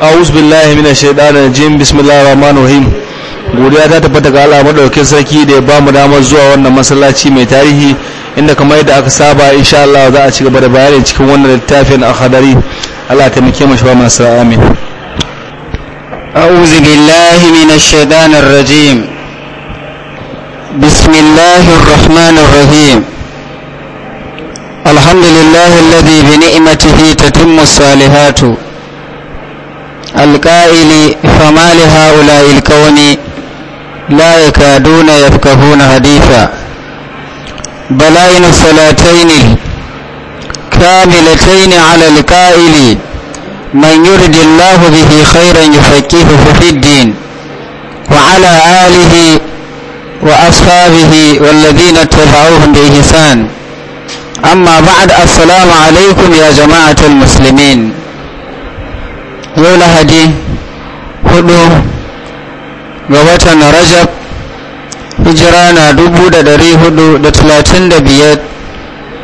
a'udhu billahi minash shaitanir rajim bismillahir rahmanir rahim godiya ta tabbata ga Allah madaukakin sarki da ya ba mu damar zuwa wannan masallaci mai tarihi inda kamar yadda aka saba insha Allah za a ci gaba da bayani cikin wannan littafin al-khadari Allah ta muke mashi ba mu sa'a amin a'udhu billahi minash shaitanir rajim bismillahir rahmanir rahim alhamdulillahi alladhi bi ni'matihi tatimmu salihatu القائل فما لهؤلاء الكون لا يكادون يفقهون حديثا بلائن الصلاتين الكاملتين على القائل من يرد الله به خيرا يفكهه في الدين وعلى آله وأصحابه والذين اتبعوهم بإحسان أما بعد السلام عليكم يا جماعة المسلمين yau lahadi hudu ga watan rajab hijira na dubu da dari hudu da talatin da biyar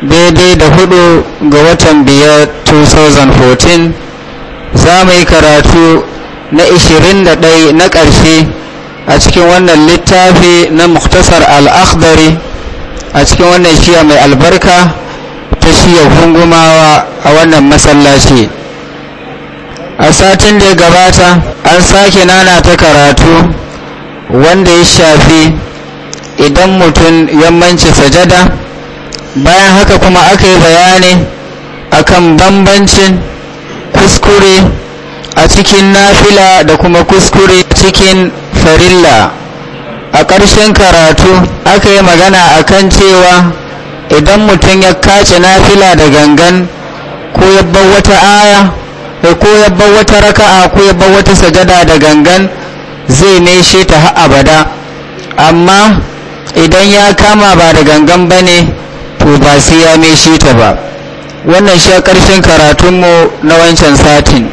daidai da hudu ga watan biyar 2014 za mu yi karatu na 21 na ƙarshe a cikin wannan littafi na muktasar al'akhdari a cikin wannan shiya mai albarka ta shiya gungumawa a wannan masallaci. a satin da ya gabata an sake nana ta karatu wanda ya shafi idan mutum yammanci sajada bayan haka kuma aka yi bayani akan bambancin kuskure a cikin nafila da kuma kuskure cikin farilla a ƙarshen karatu aka yi magana akan cewa idan mutum ya kace nafila da gangan ko ya bar wata aya kai ko ya bar wata raka'a ko ya bar wata sajada da gangan zai neshe ta har abada amma idan ya kama ba da gangan bane to ba sai ya neshe ta ba wannan shi karshen karatunmu na wancan satin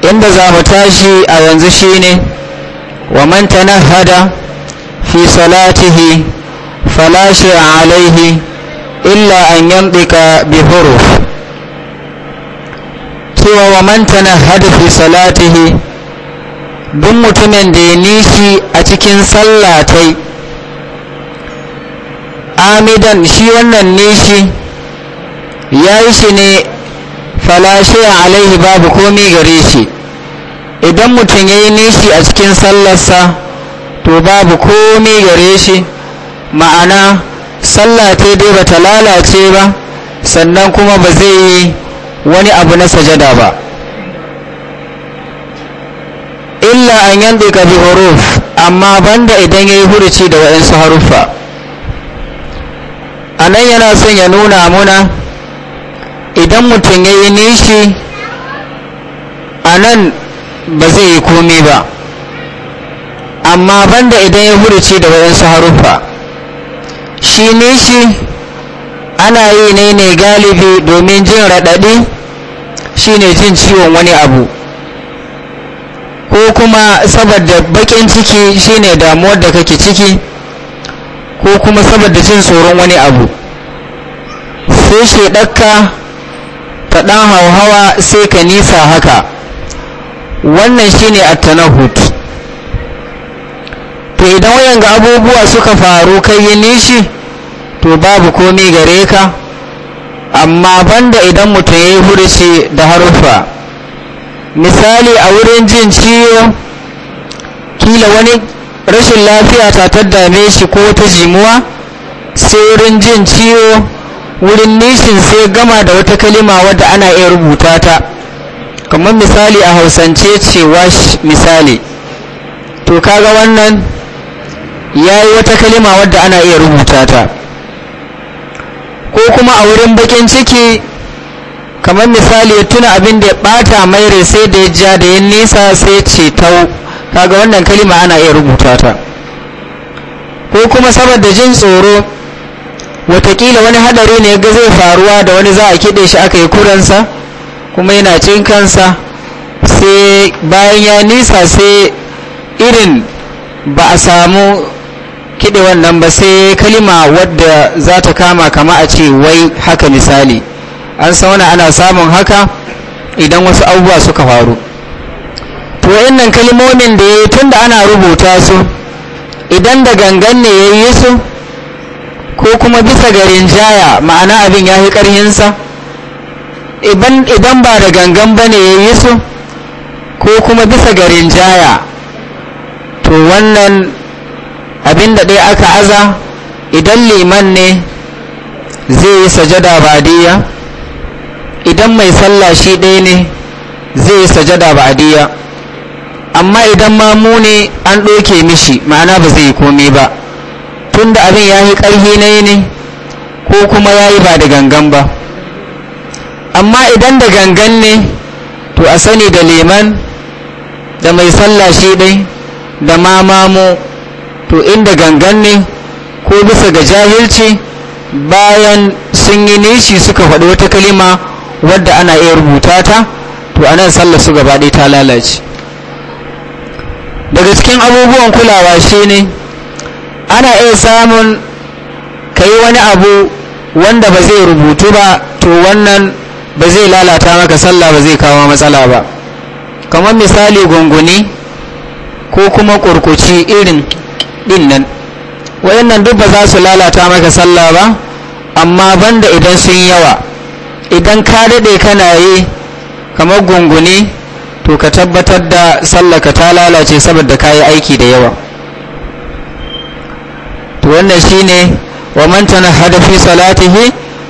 inda za mu tashi a yanzu shine wa man tanahada fi salatihi fala shi alaihi illa an yanɗika bi huruf cewa wa mantana tanahhada fi salatihi duk mutumin da ya nishi a cikin sallatai amidan shi wannan nishi ya yi shi ne falashiya alaihi babu komi gare shi idan mutum ya yi nishi a cikin sallarsa to babu komi gare shi ma'ana sallatai dai ba ta lalace ba sannan kuma ba zai yi wani abu na sajada ba illa an yanda ka bi huruf amma banda idan ya yi hurici da waɗansu haruffa a nan yana son ya nuna muna idan mutum ya yi nishi a nan ba zai yi komi ba amma banda idan ya hurci da waɗansu haruffa shi nishi ana yi ne ne galibi domin jin raɗaɗi shine jin ciwon wani abu ko kuma saboda baƙin ciki shine damuwar da kake ciki ko kuma saboda jin tsoron wani abu sai shedakka ta ɗan hauhawa sai ka nisa haka wannan shine attanahut to idan wayan ga abubuwa suka faru kai yi nishi to babu komi gare ka amma banda idan mutum ya yi da haruffa misali a wurin jin ciwo kila wani rashin lafiya ta taddame shi ko ta jimuwa sai wurin jin ciwo wurin nishin sai gama da wata kalima wadda ana iya rubuta ta kamar misali a hausance cewa misali to kaga wannan ya yi wata kalima wadda ana iya rubuta ta ko kuma a wurin bakin ciki kamar misali ya tuna abin da ya bata mai rai sai da ya ja da ya nisa sai ce tau kaga wannan kalima ana iya rubuta ta ko kuma saboda jin tsoro watakila wani hadari ne ga zai faruwa da wani za a kide shi aka yi kuransa kuma yana cin kansa sai bayan ya nisa sai irin ba a samu kiɗe wannan ba sai kalima wadda za ta kama kama a ce wai haka misali an sauna ana samun haka idan wasu abubuwa suka faru to nan kalimomin da ya yi tun da ana rubuta su idan da gangan ne ya yi su ko kuma bisa garin jaya ma'ana abin ya fi ƙarhinsa idan ba da gangan ba ne ya yi su ko kuma bisa garin jaya to wannan abinda ɗaya aka aza idan liman ne zai yi sajada badiya idan mai sallah shi ɗaya ne zai yi sajada badiya amma idan mamu ne an ɗoke mishi ma'ana ba zai yi komai ba tunda abin ya yi ƙarfi na yi ne ko kuma ya yi ba da gangan ba amma idan da gangan ne to a sani da liman da mai sallah shi ɗai da mamu. to inda gangan ne ko bisa ga jahilci bayan sun yi nishi suka faɗi wata kalima wadda ana iya rubuta ta to anan sallar su gaba ta lalace daga cikin abubuwan kulawa shi ne ana iya samun ka yi wani abu wanda ba zai rubutu ba to wannan ba zai lalata maka sallah ba zai kawo matsala ba kamar misali gunguni ko kuma kurkuci irin din nan wayannan duk ba za su lalata maka sallah ba amma banda idan sun yawa idan ka daɗe kana yi kamar gunguni to ka tabbatar da sallaka ta lalace saboda ka yi aiki da yawa to wannan shine wa man tanahada fi salatihi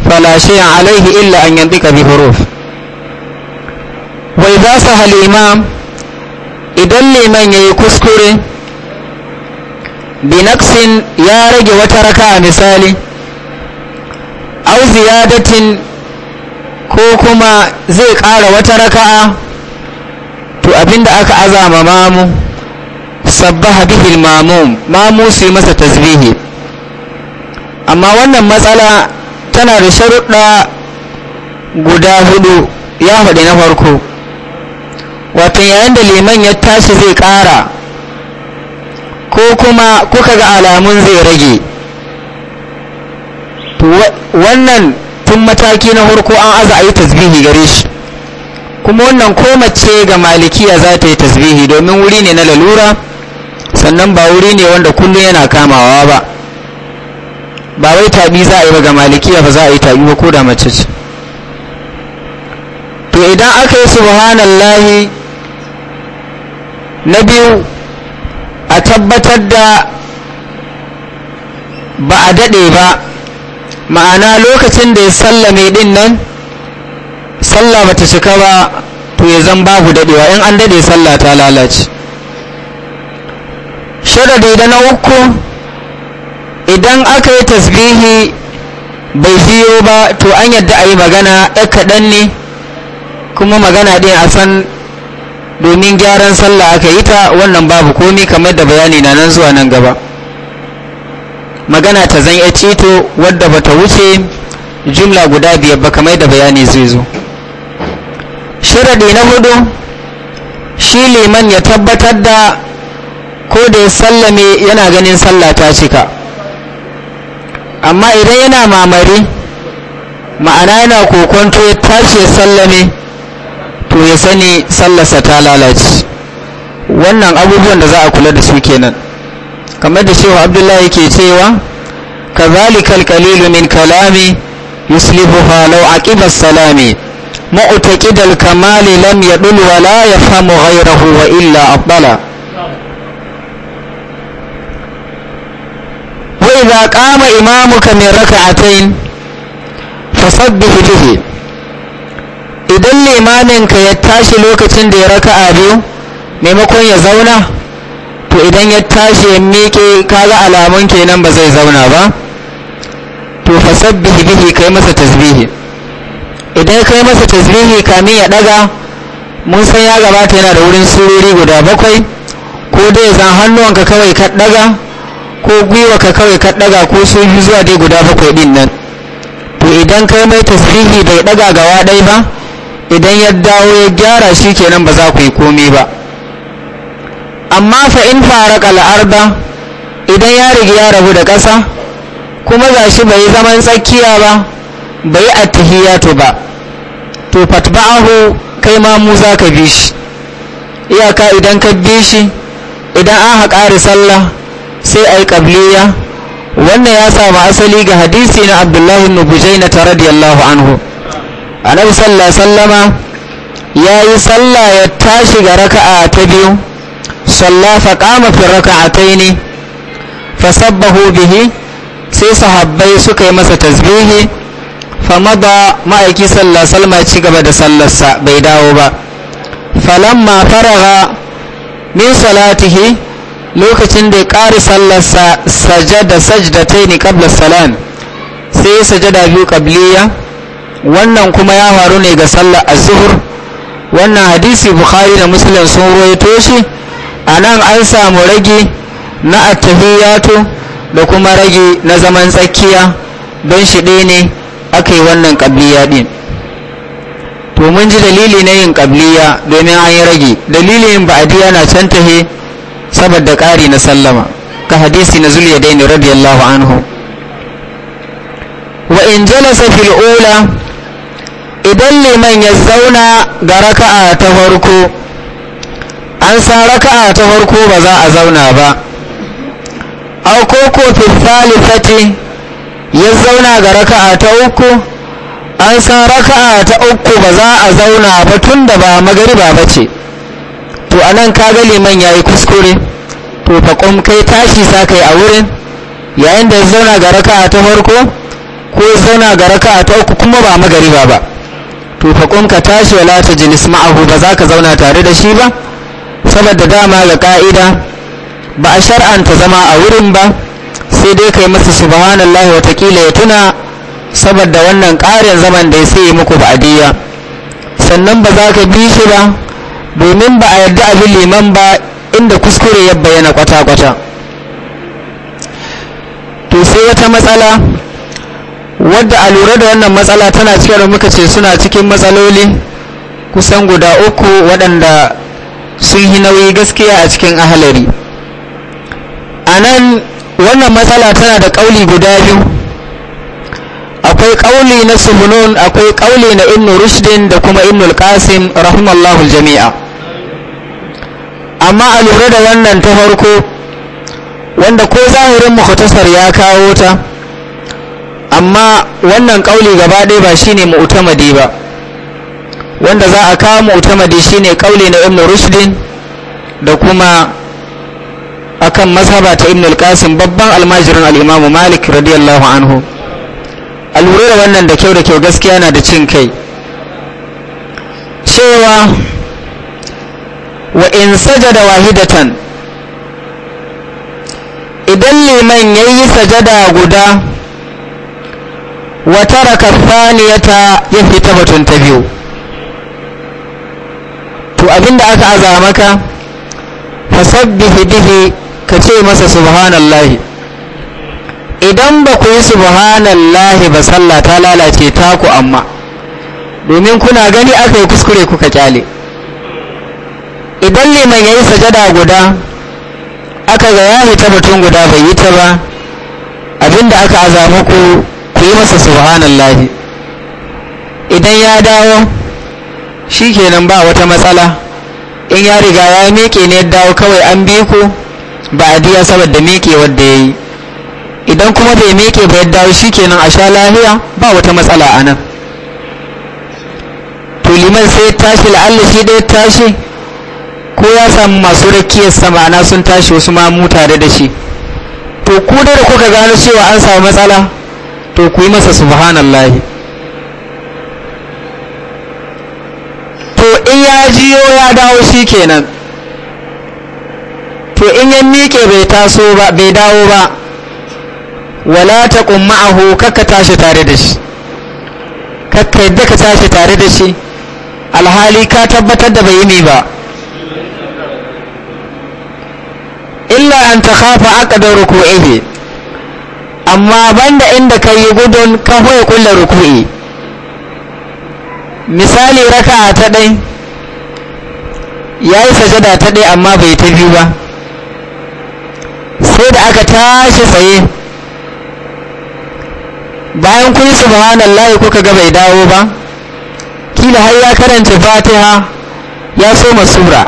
fala shay'an alaihi illa an yantika bi huruf wa idha sahal imam idan liman yayi kuskure binaksin ya rage wata raka a misali au ziyadatin ko kuma zai ƙara wata raka'a to abinda aka azama mamu sabba bihil mamu mamu su masa tasbihi amma wannan matsala tana da sharuɗa guda hudu ya faɗi na farko wato yayin da liman ya tashi zai ƙara ko kuma kuka ga alamun zai rage wannan tun mataki na harko an aza a yi tasbihi gare shi kuma wannan ko mace ga malikiya za ta yi tasbihi domin wuri ne na lalura sannan ba wuri ne wanda kullum yana kamawa ba ba wai tabi za a yi ba ga malikiya ba za a yi tabi ba ko da mace ce to idan aka yi subhanallahi na biyu tabbatar da ba a daɗe ba ma'ana lokacin da ya sallame ɗin nan sallah ba ta cika ba to ya zan babu daɗewa in an daɗe sallah ta lalace sharadi da na uku idan aka yi tasbihi bai biyo ba to an yadda a yi magana ɗan kaɗan ne kuma magana ɗin a san domin gyaran sallah aka yi ta wannan babu komi kamar da bayani na nan zuwa nan gaba magana ta zan ya ceto wadda ba ta wuce jumla guda biyar ba kamar da bayani zai zo shiradi na hudu shi liman ya tabbatar da ko da ya sallame yana ganin sallah ta cika amma idan yana mamari ma'ana yana kokonto ya tashi sallame to ya sani sallarsa ta lalace wannan abubuwan da za a kula da su kenan kamar da cewa abdullahi ke cewa ka zalikal kalilu min kalami yuslihu halau a kibar salami ma'utaki kamali lam ya ɗulwa la ya famu ghairahu wa illa abdala wa idza qama imamuka min raka'atayn fasabbih bihi idan limamin ka ya tashi lokacin da ya raka a biyu maimakon ya zauna to idan ya tashi ya miƙe kaga alamun kenan ba zai zauna ba to fasabbih bihi kai masa tasbihi idan kai masa tasbihi kamin ya daga mun san ya gabata yana da wurin surori guda bakwai ko dai zan hannuwanka kawai ka daga ko ka kawai ka daga ko su zuwa dai guda bakwai din nan to idan kai mai tasbihi bai daga gawa ɗaya ba idan ya dawo ya gyara shi kenan ba za ku yi komai ba amma fa in fara al'arba idan ya riga ya rabu da ƙasa kuma za shi bai zaman tsakiya ba bai atihiyatu ba to fatba'ahu kai ma mu za ka bi shi iyaka idan ka bi shi idan an haƙari sallah sai a yi ƙabliya wannan ya samu asali ga hadisi na abdullahi nubujaina ta radiyallahu anhu annabi sallallahu sallama ya yi sallah ya tashi ga raka'a ta biyu salla fa kama fi raka'atayn fa sabbahu bihi sai sahabbai suka yi masa tasbihi fa mada ma'aiki sallallahu sallama ci gaba da sallarsa bai dawo ba falamma faraga min salatihi lokacin da ya ƙari sallarsa sajada sajdatayn qabla salam sai sajada biyu qabliya wannan kuma ya faru ne ga sallar azhur wannan hadisi bukhari da muslim sun ruwaito shi anan an samu rage na attahiyatu da kuma rage na zaman tsakiya don shi dai ne aka yi wannan ƙabliya din. to mun ji dalili na yin ƙabliya domin an yi rage dalilin ba'adiyya na can tahe saboda ƙari na sallama ka hadisi na zuliya daini radiyallahu anhu wa in jalasa fil ula idan liman ya zauna ga raka'a ta farko an sa raka'a ta farko ba za a zauna ba aukoko filfalifati ya zauna ga raka'a ta uku an san raka'a ta uku ba za a zauna ba tun da ba magariba ba ce to anan kaga liman ya yi kuskure to faƙon kai tashi sa kai a wurin yayin da ya zauna ga raka'a ta farko ko zauna ga raka'a ta uku kuma ba magariba ba to fa kun ka tashi wala ta jilis ma'ahu ba za ka zauna tare da shi ba saboda dama ga ka'ida ba a shar'anta zama a wurin ba sai dai kai masa subhanallah watakila ya tuna saboda wannan ƙarin zaman da ya yi muku ba'adiyya sannan ba za ka bi shi ba domin ba a yarda abin liman ba inda kuskure ya bayyana kwata-kwata to sai wata matsala wadda a lura da wannan matsala tana cikin da muka ce suna cikin matsaloli kusan guda uku waɗanda sun yi nauyi gaskiya a cikin ahalari a nan wannan matsala tana da ƙauli guda biyu akwai ƙauli na sumunon akwai ƙauli na ibnu rushdin da kuma innu alƙasim rahimallahu jami'a amma a lura da wannan ta farko wanda ko zahirin mu ya kawo ta amma wannan kauli gaba ɗaya ba shine mu'tamadi ba wanda za a kawo mu'tamadi shine kauli na ibn rushdin da kuma akan mazhaba ta ibn al-qasim babban almajirin al imam malik radiyallahu anhu a lura da wannan da kyau da kyau gaskiya na da cin kai cewa wa in sajada wahidatan idan liman yayi sajada guda Wata taraka thaniyata ya fita batun ta biyu to abinda aka aza maka fasabbih ka ce masa subhanallahi idan ba ku yi subhanallahi ba sallah ta lalace ta ku amma domin kuna gani aka yi kuskure kuka kyale idan liman ya yi sajada guda aka ga ya fita batun guda bai yi ta ba abinda aka azama ku. ku yi masa subhanallahi idan ya dawo shi kenan ba wata matsala in ya riga ya miƙe ne ya dawo kawai an bi ku ba a diya saboda miƙe wadda ya yi idan kuma bai miƙe ba ya dawo shi kenan a sha lahiya ba wata matsala a nan to liman sai tashi la'alla shi dai tashi ko ya samu masu rakiyar samana sun tashi wasu ma tare da shi to ku da kuka gano cewa an samu matsala to ku yi masa subhanallahi to in ya jiyo ya dawo shi kenan to in ya miƙe bai taso ba bai dawo ba wala ta ma'ahu kakka tashi tare da shi kakka yadda ka tashi tare da shi alhali ka tabbatar da bai yi ba illa an ta kafa aka da ruku'ihi amma banda inda ka yi gudun ka hoya kulla ruku'i misali raka ta ɗai ya yi sajada ta ɗai amma bai ta biyu ba sai da aka tashi tsaye bayan kun subhanallahi kuka ga bai dawo ba kila har ya karanta fatiha ya soma sura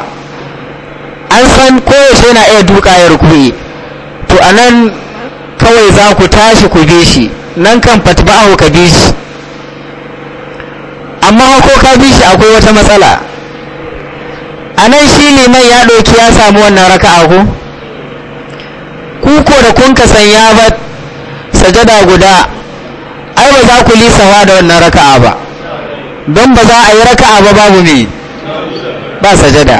an san koyaushe na iya duka ya ruku'i to anan kawai za ku tashi ku bi shi nan kan fatba'ahu ka bi shi amma ko ka bi shi akwai wata matsala a nan shi liman ya ɗauki ya samu wannan raka'a ko kuko da kun ka ya ba sajada guda ai ba za ku lisawa da wannan raka'a ba don ba za a yi raka'a ba babu me ba sajada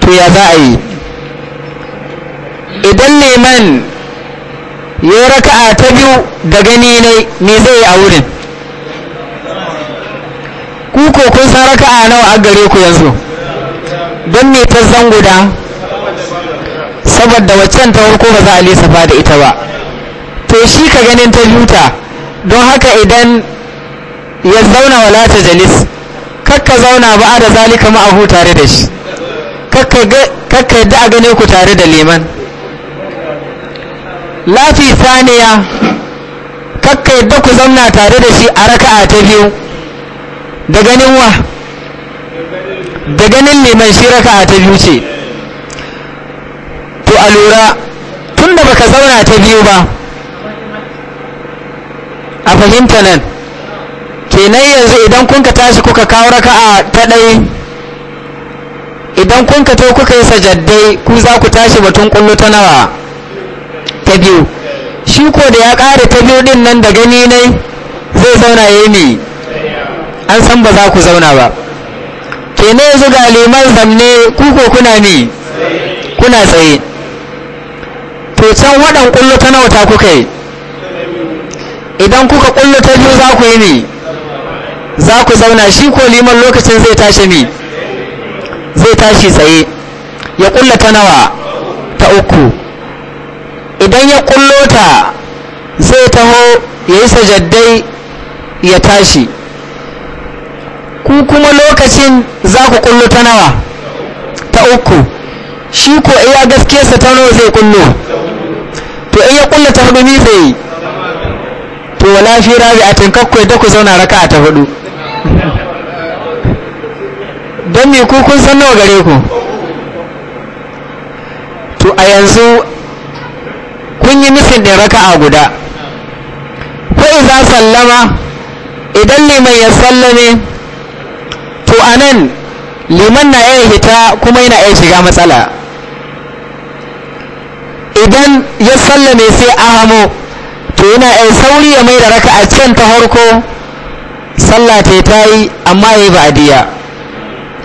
to ya za a yi idan liman ya yi raka'a ta biyu da gani ne me zai yi a wurin ku ko kun san raka'a nawa a gare ku yanzu don me ta zan guda saboda waccan ta farko ba za a ba da ita ba to shi ka ganin ta juta don haka idan ya zauna wala ta jalis kakka zauna ba a da zalika ma'ahu tare da shi kakka yadda a gane ku tare da liman lafi saniya kakka yadda ku zamna tare da shi a raka'a ta biyu da ganin wa da ganin neman shi raka'a ta biyu ce to a lura tun da baka zauna ta biyu ba a fahimta nan kenan yanzu idan kun ka tashi kuka kawo raka'a ta ɗaya idan kun ka to kuka yi sajaddai ku za ku tashi batun kullu ta nawa ta biyu shi ko da ya ƙara ta biyu din nan da gani ne zai zauna ya yi an san ba za ku zauna ba ke ne yanzu ga liman zamne kuko kuna ni kuna tsaye to can waɗan ƙullo ta nawa ta kuka yi idan kuka ƙullo ta biyu za ku yi ni za ku zauna shi ko liman lokacin zai tashi ni zai tashi tsaye ya ƙulla ta nawa ta uku idan ya kullo ta zai taho ya yi sajaddai ya tashi ku kuma lokacin za ku kullo ta nawa ta uku shi ko iya gaske sa ta nawa zai kullo to in ya kullo ta hudu ni zai yi to wala fi rabi a tinkakwai da ku zauna raka ta hudu don me ku kun san nawa gare ku to a yanzu kun yi misin ɗin raka'a guda iza sallama idan liman ya sallame to anan liman na iya hita kuma yana iya shiga matsala idan ya sallame sai ahamo to yana iya sauri ya mai da raka'a can ta harko sallah ta ta yi amma ya yi ba'adiyya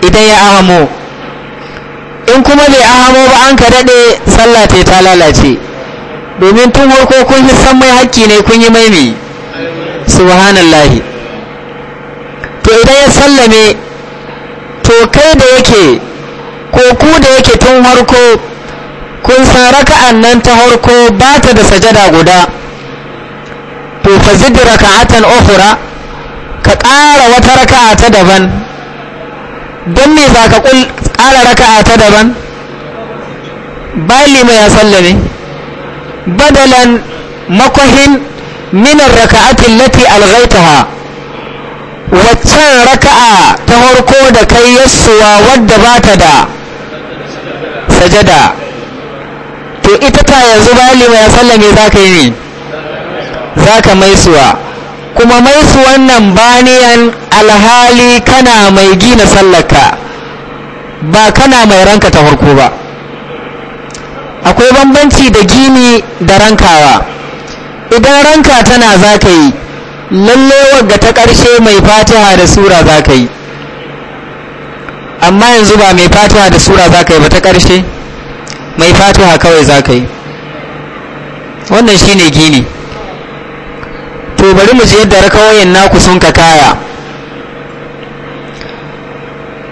idan ya ahamo in kuma bai ahamo ba an ka daɗe sallah ta ta lalace domin tun warko kun yi san mai hakki ne kun yi mai mai subhanallahi to idan ya sallame to kai da yake ko ku da yake tun harko kun san raka'an nan ta harko ba ta da sajada guda to fa zid raka'atan ukhra ka ƙara wata raka'a ta daban don me za ka ƙara raka'a ta daban bayan lima ya sallame badalan makwahin minar raka'atin lati algaitaha, waccan raka'a ta harko da kai yassuwa wadda ba ta da sajada to ita ta yanzu bayan lima ya sallame za ka yi za ka maisuwa kuma maisuwan wannan baniyan alhali kana mai gina sallaka ba kana mai ranka ta farko ba akwai bambanci da gini da rankawa idan ranka tana za ka yi lalle wagga ta ƙarshe mai fatiha da sura za ka yi amma yanzu ba mai fatiha da sura za ka yi ba ta ƙarshe mai fatiha kawai za ka yi wannan shi ne gini to bari mu ji yadda rakawoyin naku sun ka kaya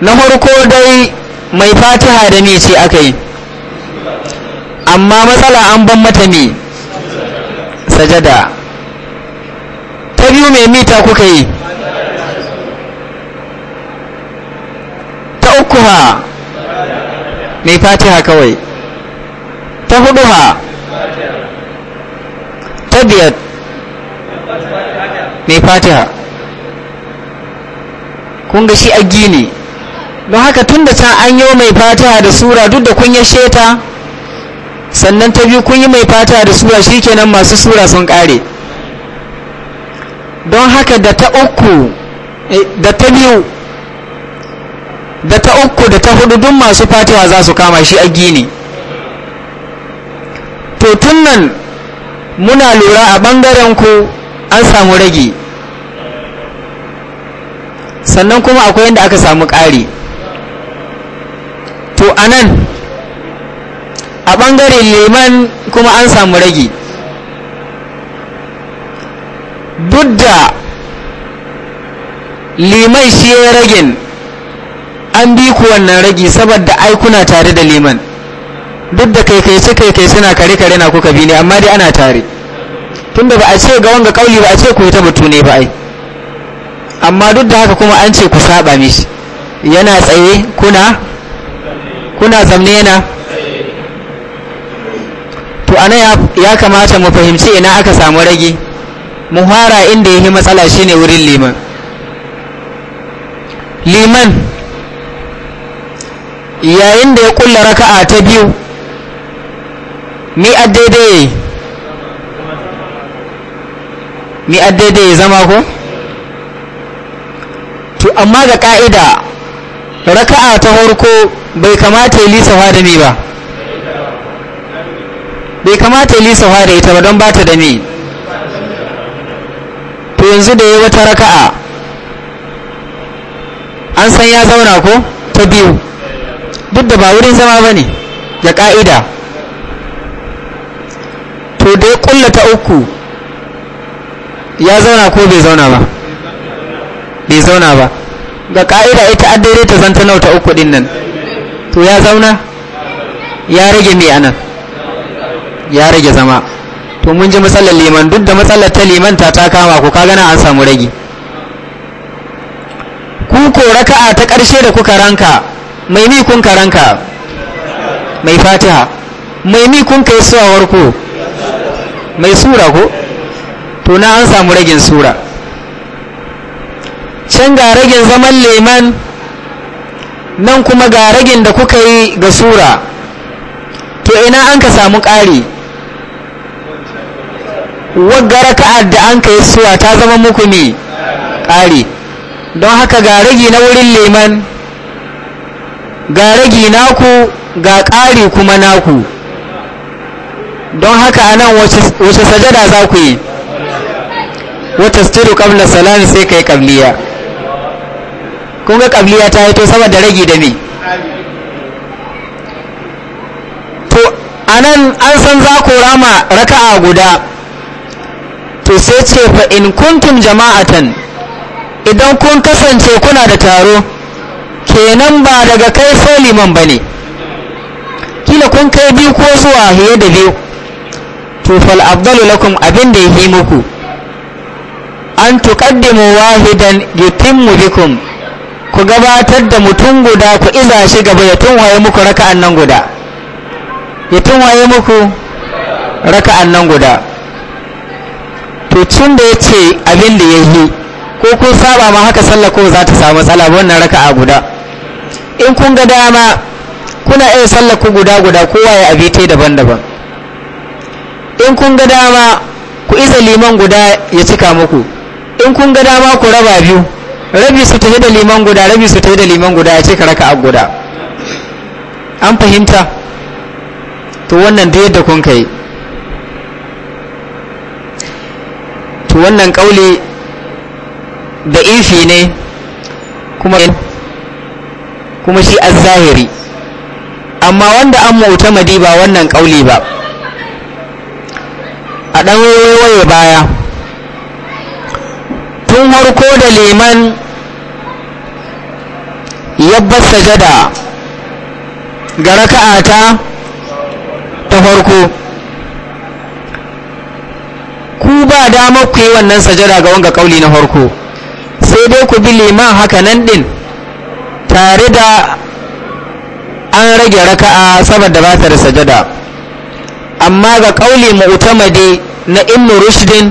na farko dai mai fatiha da me ce aka yi amma matsala an ban mata me sajada ta biyu mai mita kuka yi ta uku ha mai fatiha kawai ta hudu ha ta biyar mai fatiha kun ga shi a gini don haka tun da can an yi mai fatiha da sura duk da kun yashe ta sannan ta biyu kun yi mai fata da sura shikenan masu sura sun kare don haka da ta uku eh, da ta biyu da ta uku da ta hudu dun masu fatawa za su kama shi a gini to tun nan muna lura a bangaren ku an samu rage sannan kuma akwai yadda aka samu kare. to anan a ɓangaren liman kuma an samu ragi duk da liman shi ya ragin an bi ku wannan ragi saboda aikuna tare da liman duk da kai kai suna kare kare na kuka bi ne amma dai ana tare tunda ba a ce ga wanga kauli ba a ce ku ta mutu ne ba ai amma duk da haka kuma an ce ku saba mishi yana tsaye kuna kuna zamne yana to ana ya kamata mu fahimci ina aka samu rage muhara inda inda yake matsala shine wurin liman liman yayin da ya kulla raka'a ta biyu mi addaidai mi addaidai zama ko to amma ga ka'ida raka'a ta horko bai kamata ya lisa da mi ba bai kamata ya lisafa da ita ba don ba ta da me to yanzu da ya wata raka'a an san ya zauna ko ta biyu duk da ba wurin zama ba ne ga ka'ida to da ya kulla ta uku ya zauna ko bai zauna ba bai zauna ba ga ka'ida ita addare ta zanta nauta uku din nan to ya zauna ya rage mai anan ya rage zama to mun ji matsalar liman duk da matsalar ta liman ta ta kama ku kaga na an samu rage ku ko raka'a ta ƙarshe da kuka ranka mai mi kun ranka mai fatiha mai mi kun kai suwawar ku mai sura ko to na an samu ragin sura can ga ragin zaman liman nan kuma ga ragin da kuka yi ga sura to ina an ka samu ƙari waggara ka'ar da an kai suwa ta zama muku ne ƙari don haka ga ragi na wurin liman ga ragi naku ga ƙari kuma naku don haka a nan wace sajada za ku yi wata stiru ƙabla salami sai ka yi ƙabliya kun ga ƙabliya ta yi to saboda ragi da me to a nan an san za ku rama raka'a guda to sai ce fa in kuntum jama'atan idan kun kasance kuna da taro kenan ba daga kai sai liman bane kila kun kai biyu ko zuwa fiye da biyu to fal afdalu lakum abin da yake muku an tuqaddimu wahidan yutimmu bikum ku gabatar da mutum guda ku iza shi gaba ya tunwaye muku raka'an nan guda ya tunwaye muku raka'an nan guda to cin da ya ce abin da ya yi ko kun saba ma haka sallah ko za ta samu matsala ba wannan raka'a guda in kun ga dama kuna iya sallah ku guda guda kowa ya abita daban-daban in kun ga dama ku iza liman guda ya cika muku in kun ga dama ku raba biyu rabi su tafi da liman guda rabi su tafi da liman guda ya cika raka'a guda an fahimta to wannan da yadda kun kai to wannan kauli da ifi ne kuma shi azahiri amma wanda an mota madi ba wannan kauli ba a dan waye baya tun harko da liman yabbar jada. ga raka'a ta ta farko ku ba damar ku yi wannan sajada ga wanga kauli na farko sai dai ku bi liman haka nan din tare da an rage raka'a saboda ba ta da sajada amma ga kauli mu'tamadi na ibnu rushdin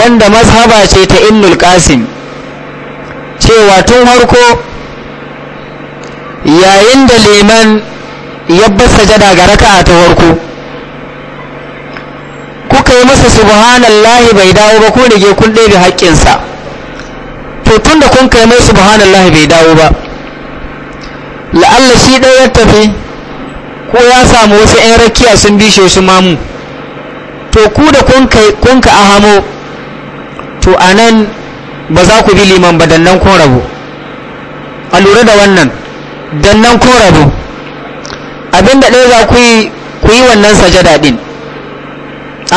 wanda mazhaba ce ta ibnu alqasim cewa tun farko yayin da liman ya ba sajada ga raka'a ta farko yi masa subhanallahi bai dawo ba ko rige kun ɗebe haƙƙinsa to tun da kun kai mai subhanallahi bai dawo ba la'alla shi ɗaya ya tafi ko ya samu wasu 'yan rakiya sun bishe su mamu to ku da kun ka ahamo to a nan ba za ku bi liman ba dannan kun rabu a lura da wannan dannan kun rabu abinda ɗaya za ku yi wannan sajada ɗin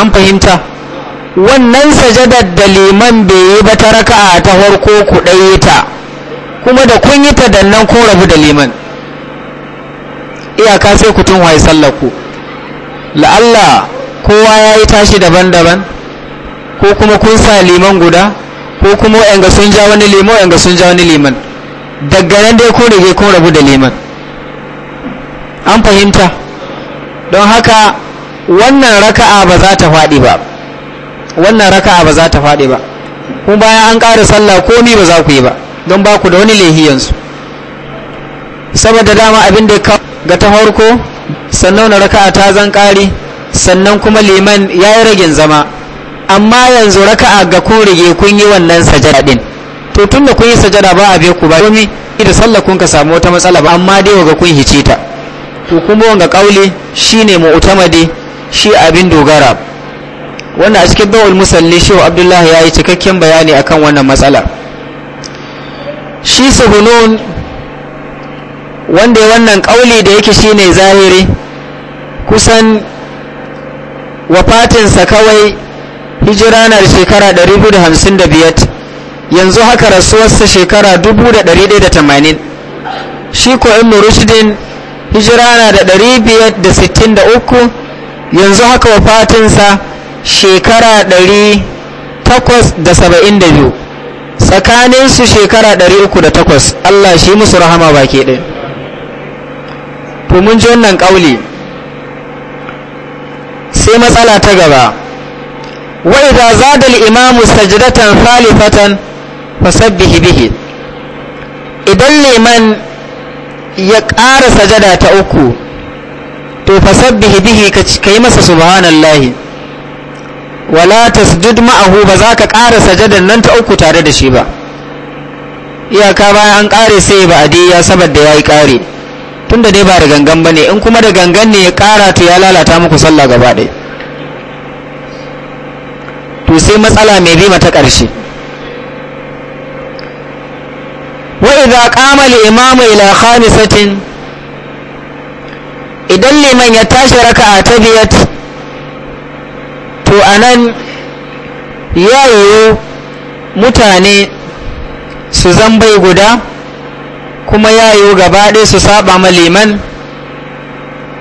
an fahimta wannan sajadar da liman bai yi ba ta a ta harko ku ɗaya ta kuma da kun yi ta da nan kun rabu da liman iyaka sai ku tun waye sallaku la'alla kowa ya yi tashi daban-daban ko kuma kun sa liman guda ko kuma ga sun ja wani liman ga sun ja wani liman daga nan dai ko rage kun rabu da liman an fahimta don haka wannan raka'a ba za ta faɗi ba wannan raka'a ba za ta faɗi ba kuma bayan an ƙara sallah komi ba za ku yi ba don ba ku da wani lahiyansu. saboda dama abin da ga ta farko sannan na raka'a ta zan ƙari sannan kuma liman ya yi ragin zama amma yanzu raka'a ga kun rige kun yi wannan sajada ɗin. to tun da kun yi sajada ba a biya ku ba domin da sallah kun ka samu wata matsala ba amma dai ga kun hice ta to kuma wanga kauli shine mu'tamadi shi abin dogara wannan a cikin dawul musalli shi abdullahi ya yi cikakken bayani akan wannan matsala shi subunun wanda wannan kauli da yake ne zahiri kusan wafatinsa kawai hijira na shekara 455 yanzu haka rasuwarsa shekara 1180 shi ko ibn rushdin hijira na da 563 yanzu haka wafatinsa shekara 872 tsakaninsu shekara 308 Allah shi musu rahama baki ɗin mun ji wannan ƙauli sai matsala ta gaba wai da zada al-imamu falifatan khalifatan bihi bihi idan liman ya ƙara sajada ta uku to fasabbihi bihi kai masa subhanallahi wala tasjud ma'ahu ba za ka ƙara sajadar nan ta uku tare da shi ba iyaka bayan an ƙare sai ba adiya saboda ya yi ƙare da dai ba da gangan ba ne in kuma da gangan ne ya ƙara to ya lalata muku sallah gaba ɗaya to sai matsala mai bi ta ƙarshe wa idza qama al-imamu ila khamisatin idan liman ya tashi raka ta biyat to anan ya yiwu mutane su zambai guda kuma ya yiwu gabaɗe su saba ma liman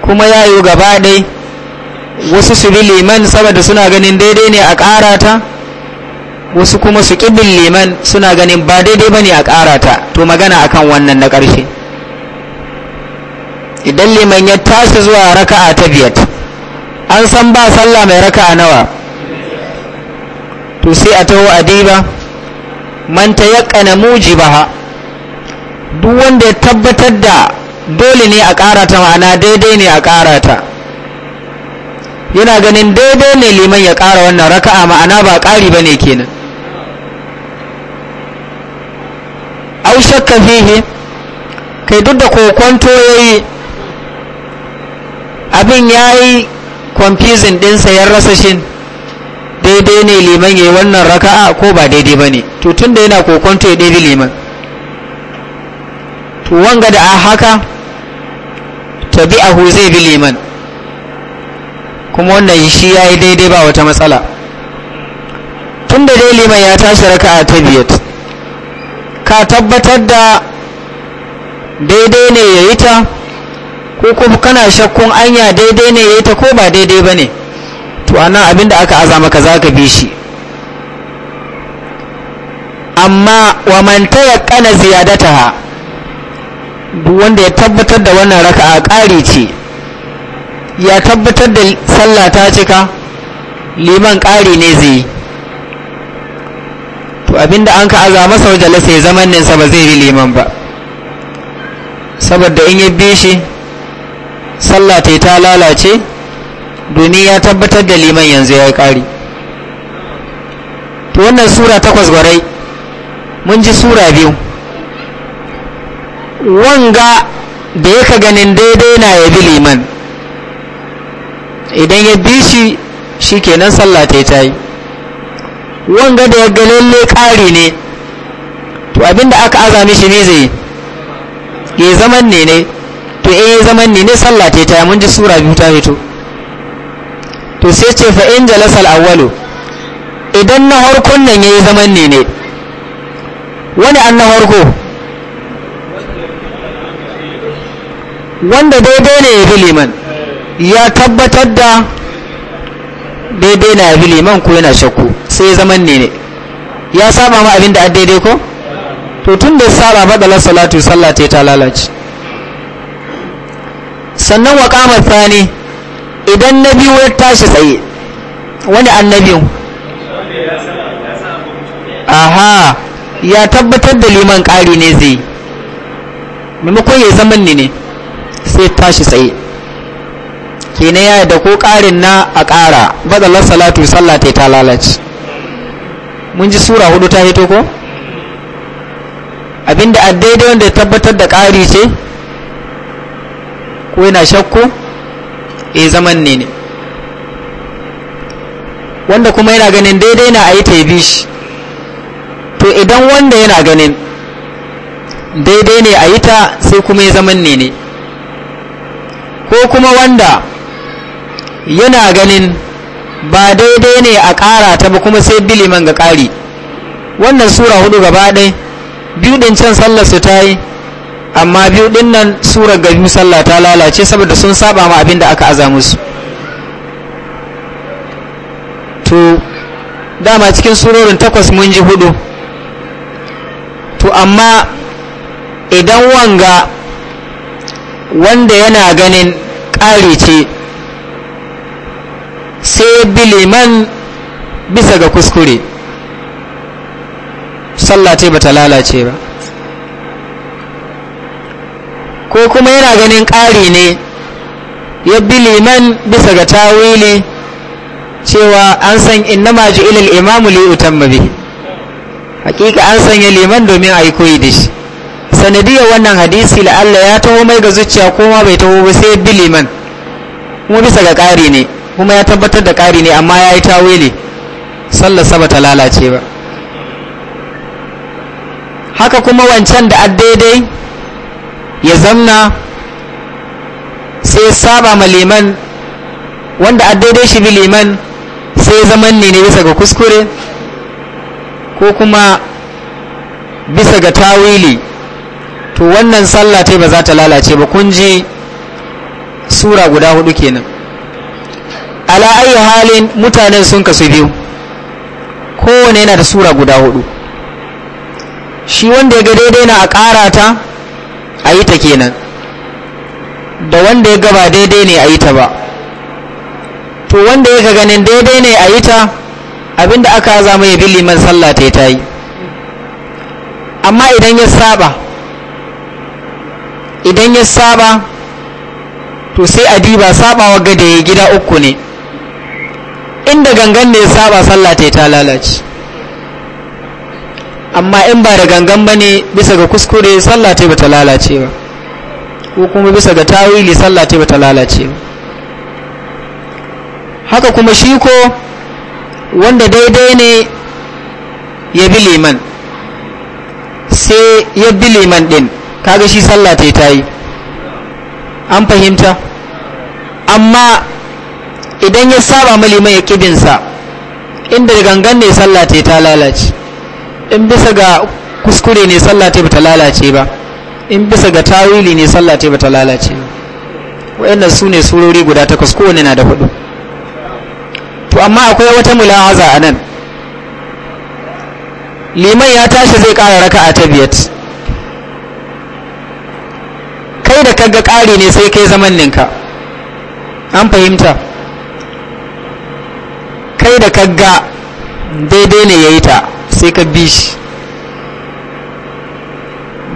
kuma ya yiwu gabaɗe wasu su bi liman saboda suna ganin daidai ne a ƙarata wasu kuma su ƙibin liman suna ganin ba daidai ba ne a ƙarata to magana akan wannan na ƙarshe idan liman ya tashi zuwa raka'a ta biyar an san ba sallah mai raka'a nawa to sai a taho adiba man ta yakana mujibaha duk wanda ya tabbatar da dole ne a ta ma'ana daidai ne a ta. yana ganin daidai ne liman ya ƙara wannan raka'a ma'ana ba ƙari ba ne kenan aushakka shakka fihi kai duk da kokon yi. abin ya yi confusing ɗinsa ya rasa shin daidai ne liman ya yi wannan raka'a ko ba daidai ba ne to tun da yana kokonto ya ɗaiɗi liman to wanga da a haka tabi'ahu zai bi liman kuma wannan shi ya yi daidai ba wata matsala tun da dai liman ya tashi raka'a ta biyar ka tabbatar da daidai ne ya yi ta ko kuma kana shakkun anya daidai ne yayi ta ko ba daidai bane to anan abinda aka aza maka zaka bi shi amma wa man tayaqqana ziyadataha duk wanda ya tabbatar da wannan raka'a ƙari ce ya tabbatar da sallah ta cika liman ƙari ne zai to abinda an ka aza masa wajen ya zaman ninsa ba zai yi liman ba saboda in ya bi shi sallah ta ta lalace domin ya tabbatar da liman yanzu ya yi ƙari to wannan sura takwas gwarai mun ji sura biyu wanga da yaka ganin daidai na yabi liman idan ya bi shi shi kenan sallah ta ta yi wanga da ya ga ƙari ne to abinda aka aza mishi ne zai ya zaman ne ne to eh zaman ne ne sallah ta ta mun ji sura biyu ta fito to sai ce fa in jalasal awwalu idan na harkon nan yayi zaman ne ne wani an na harko wanda daidai ne ya bi liman ya tabbatar da daidai na ya bi liman ko yana shakku sai zaman ne ne ya saba ma abin da daidai ko to tun da saba ba da salatu sallah ta lalace sannan wa kama tsani idan na biyu ya tashi tsaye wani annabin aha ya tabbatar da liman ƙari ne zai maimakon ya zaman ni ne sai tashi tsaye kenan ya da ko ƙarin na a ƙara badalar salatu sallah ta ta lalace mun ji sura hudu ta hito ko abinda a daidai wanda ya tabbatar da ƙari ce ko yana shakku eh zaman ne ne wanda kuma yana ganin daidai na a yi ta yi to idan wanda yana ganin daidai ne a yi ta sai kuma ya zaman ne ne ko kuma wanda yana ganin ba daidai ne a ƙara ta ba kuma sai biliman ga ƙari wannan sura hudu gaba ɗai biyu ɗin can sallar su ta yi amma biyu din nan surar gari sallah ta lalace saboda sun saba ma abin da aka aza musu to dama cikin surorin takwas mun ji hudu to amma idan wanga wanda yana ganin ƙare ce sai biliman bisa ga kuskure sallah ce ta lalace ba ko kuma yana ganin ƙari ne ya bi liman bisa ga tawili cewa an san innama ilil imamu li'utan mabi hakika an sanya liman domin a yi koyi da shi sanadiyar wannan hadisi la'alla ya taho mai ga zuciya kuma bai taho ba sai bi liman kuma bisa ga ƙari ne kuma ya tabbatar da ƙari ne amma ya yi tawili sallar saba ta lalace ba haka kuma wancan da daidai ya zamna sai saba ma liman wanda a daidai shi bi liman sai zaman ne bisa ga kuskure ko kuma bisa ga tawili to wannan sallah ta ba za ta lalace ba kun ji sura guda hudu kenan ala ayi halin mutanen sun kasu biyu kowane yana da sura guda hudu shi wanda ya ga daidai na a ƙara ta a yi ta kenan da wanda ya gaba daidai ne a yi ta ba to wanda ya ga ganin daidai ne a yi ta abinda aka zama ya bi liman sallah ta ta yi amma idan ya saba idan ya saba to sai a diba sabawa gada ya gida uku ne inda gangan ne ya saba sallah ta ta lalace amma in ba da gangan ba ne bisa ga kuskure sallah ta bata lalace ba ko kuma bisa ga tawili sallah ta bata lalace ba haka kuma shi ko wanda daidai ne ya bi liman sai ya bi liman din kaga shi sallah ta yi an fahimta amma idan ya saba maliman ya kibinsa inda da gangan ne sallah ta ta lalace in bisa ga kuskure ne sallah ta bata lalace ba in bisa ga tawili ne sallah ta bata lalace ba wayannan su ne surori guda takwas kowanne na da hudu to amma akwai wata mulahaza a nan liman ya tashi zai ƙara raka'a ta biyat kai da kaga kare ne sai kai zaman ninka an fahimta kai da kaga daidai ne ya yi ta sai ka bi shi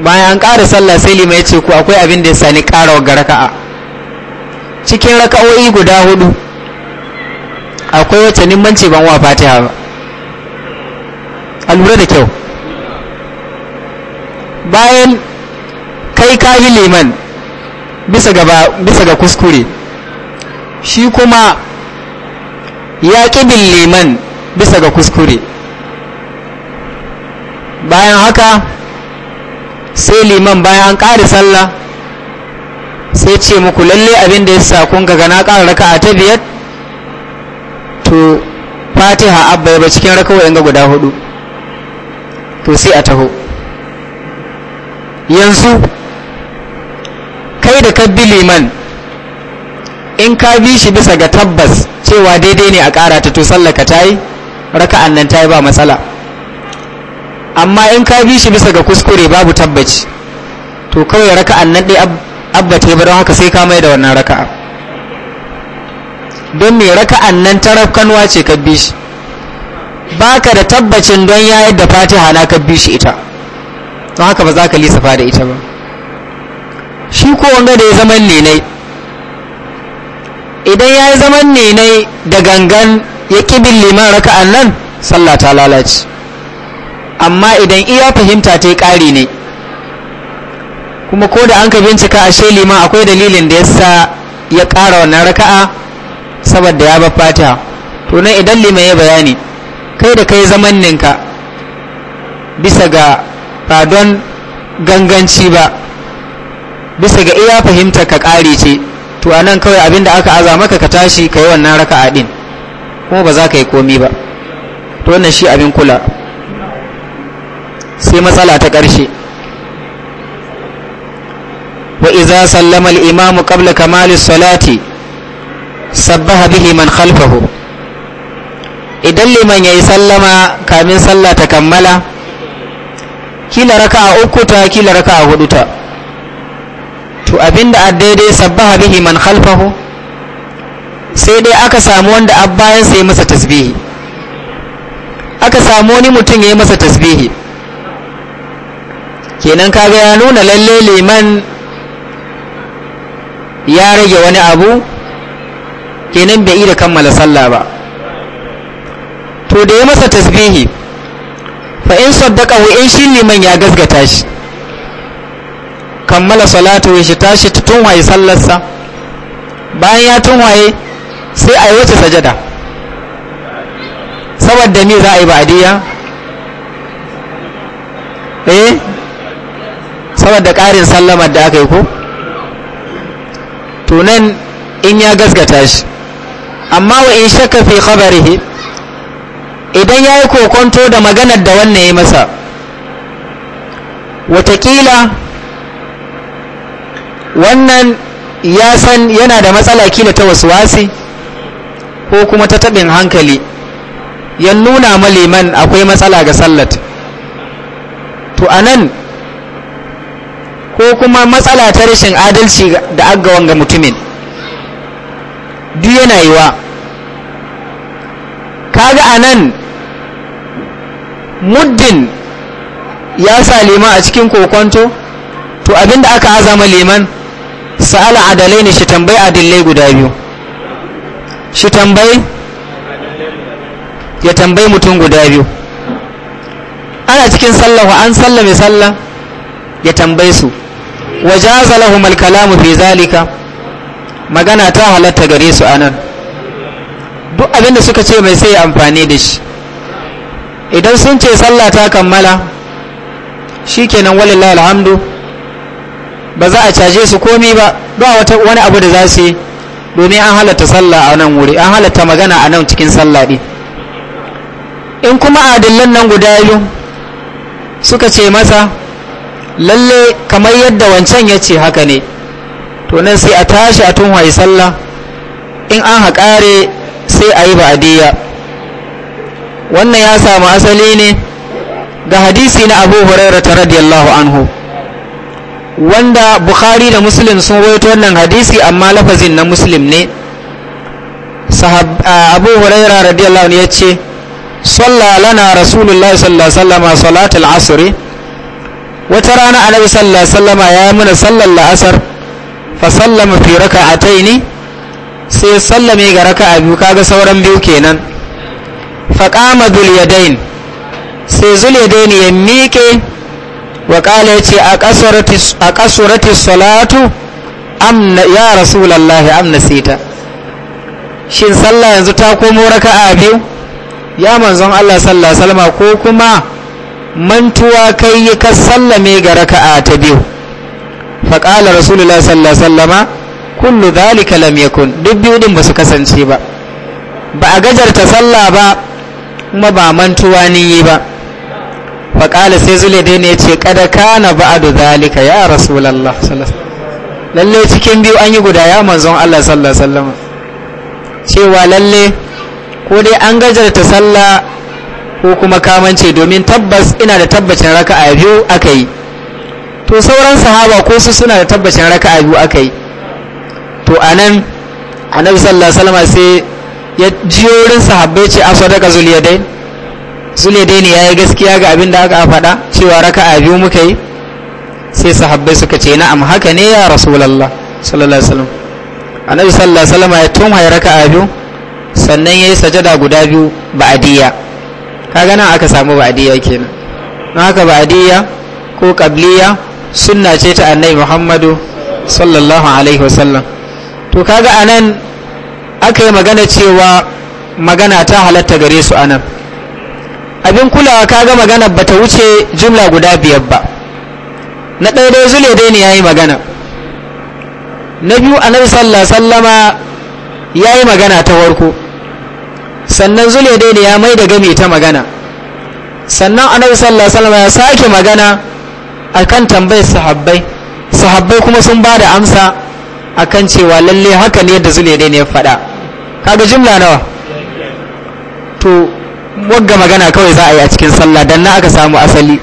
bayan an ƙara sallah sai lima ya ce ku akwai abin da ya sani ƙara wa raka'a cikin raka'o'i guda hudu akwai wacce nimmanci ban wa fatiha ba a lura da kyau bayan kai ka yi liman bisa ga kuskure shi kuma ya ƙibin liman bisa ga kuskure bayan haka sai liman bayan an ƙari sallah sai ce muku lalle abin da ya sa kun ga gana ƙara raka ta biyar to fatiha abba ya ba cikin rakawa ga guda hudu to sai a taho yanzu kai da ka bi liman in ka bi shi bisa ga tabbas cewa daidai ne a ƙara ta to sallaka ta yi raka'an nan ta yi ba matsala amma in ka bi shi bisa ga kuskure babu tabbaci to kawai raka'an nan dai abba ta yi don haka sai ka mai da wannan raka'a don me raka'an nan ta rafkanuwa ce ka bi shi baka da tabbacin don ya yadda fatiha na ka bi shi ita don haka ba za ka lissafa da ita ba shi ko wanga da ya zaman nenai idan ya yi zaman nenai da gangan ya kibin liman raka'an nan sallah ta lalace amma idan iya fahimta ta ƙari ne kuma ko da an ka bincika a sheli ma akwai dalilin da ya sa ya ƙara wannan raka'a saboda ya ba fatiha to nan idan liman ya bayani kai da kai zaman ninka bisa ga fadon don ganganci ba bisa ga iya fahimta ka ƙari ce to a nan kawai abinda aka aza maka ka tashi ka yi wannan raka'a din kuma ba za ka yi komi ba to wannan shi abin kula sai matsala ta ƙarshe wa iza sallama al-imamu qabla kamali salati sabbaha bihi man khalfahu idan liman yayi sallama kamin sallah ta kammala kila raka'a uku ta kila raka'a hudu ta to abinda a daidai sabbaha bihi man khalfahu sai dai aka samu wanda a bayan sai masa tasbihi aka samu wani mutum ya yi masa tasbihi kenan kaga ya nuna lalle liman ya rage wani abu kenan bai iya kammala sallah ba to da ya masa tasbihi fa in saddaka wa in shi liman ya gasgata shi kammala salatu shi tashi ta tunwaye sallarsa bayan ya tunwaye sai a yi wace sajada saboda me za a yi adiya eh saboda ƙarin sallamar da aka yi ko to nan in ya gasgata shi amma wa in shakka fi khabarihi idan ya yi kokonto da maganar da wannan ya masa watakila wannan ya san yana da matsala kila ta wasuwasi ko kuma ta taɓin hankali ya nuna maliman akwai matsala ga sallat to anan ko kuma matsala ta rashin adalci da agawan ga mutumin duk yana yiwa kaga a nan muddin ya sa liman a cikin kokonto to abinda aka azama liman sa'ala adalai ne shi tambayi adillai guda biyu shi tambayi ya tambayi mutum guda biyu ana cikin sallahu an sallame sallah ya tambayi su wa jaza lahum al zalika magana ta halatta gare su anan duk abin da suka ce mai sai amfani da shi idan sun ce sallah ta kammala shikenan walillahi alhamdu ba za a caje su komi ba ba wata wani abu da za su yi domin an halatta sallah a nan wuri an halatta magana a nan cikin sallah din in kuma adillan nan guda biyu suka ce masa lalle kamar yadda wancan ya ce haka ne to nan sai a tashi a tun waye sallah in an haƙare sai a yi ba'adiyya wannan ya samu asali ne ga hadisi na abu hurairah ta radiyallahu anhu wanda bukhari da muslim sun waito wannan hadisi amma lafazin na muslim ne abu hurairah radiyallahu anhu ya ce sallala na rasulullahi sallallahu alaihi wasallam salatul asr wata rana annabi sallallahu alaihi wasallama ya yi mana sallar la'asar fa sallama fi raka'ataini sai ya sallame ga a biyu kaga sauran biyu kenan fa kama dul yadain sai zul yadain ya miƙe wa qala ya a a qasurati salatu amna ya rasulullahi amna sita shin sallah yanzu ta komo a biyu ya manzon Allah sallallahu alaihi wasallama ko kuma mantuwa kai yi ka sallame ga raka'a ta biyu faƙala rasulullah sallallahu alaihi wasallama kullu zalika lam yakun duk biyu din basu kasance ba ba a gajarta sallah ba kuma ba mantuwa ni yi ba faƙala sai zule dai ne ce kada kana ba'du zalika ya rasulullah lalle cikin biyu an yi guda ya manzon Allah sallallahu alaihi cewa lalle ko dai an gajarta sallah ko kuma kamance domin tabbas ina da tabbacin raka'a biyu aka yi to sauran sahaba ko su suna da tabbacin raka'a biyu aka yi to anan annabi sallallahu alaihi wasallam sai ya jiyo wurin sahabbai ce asadaka zuliyadain zuliyadain yayi gaskiya ga abin da aka faɗa cewa raka'a biyu muka yi sai sahabbai suka ce na'am haka ne ya rasulullah sallallahu alaihi wasallam annabi sallallahu alaihi wasallam ya tuma ya raka'a biyu sannan yayi sajada guda biyu ba'adiyya kaga nan aka samu ba'diyya kenan na haka ba'diyya ko qabliya sunna ce ta annabi Muhammadu sallallahu alaihi wasallam to kaga anan aka yi magana cewa magana ta halatta gare su anan abin kulawa kaga magana bata wuce jumla guda biyar ba na ɗaya dai zule dai ne yayi magana na biyu annabi sallallahu alaihi wasallama yayi magana ta warko. sannan zule dai ya mai da gami ta magana sannan annabi sallallahu alaihi ya sake magana akan tambayar sahabbai sahabbai kuma sun ba da amsa akan cewa lalle haka ne yadda zule dai ne ya faɗa kaga jumla nawa to wagga magana kawai za a yi a cikin sallah dan na aka samu asali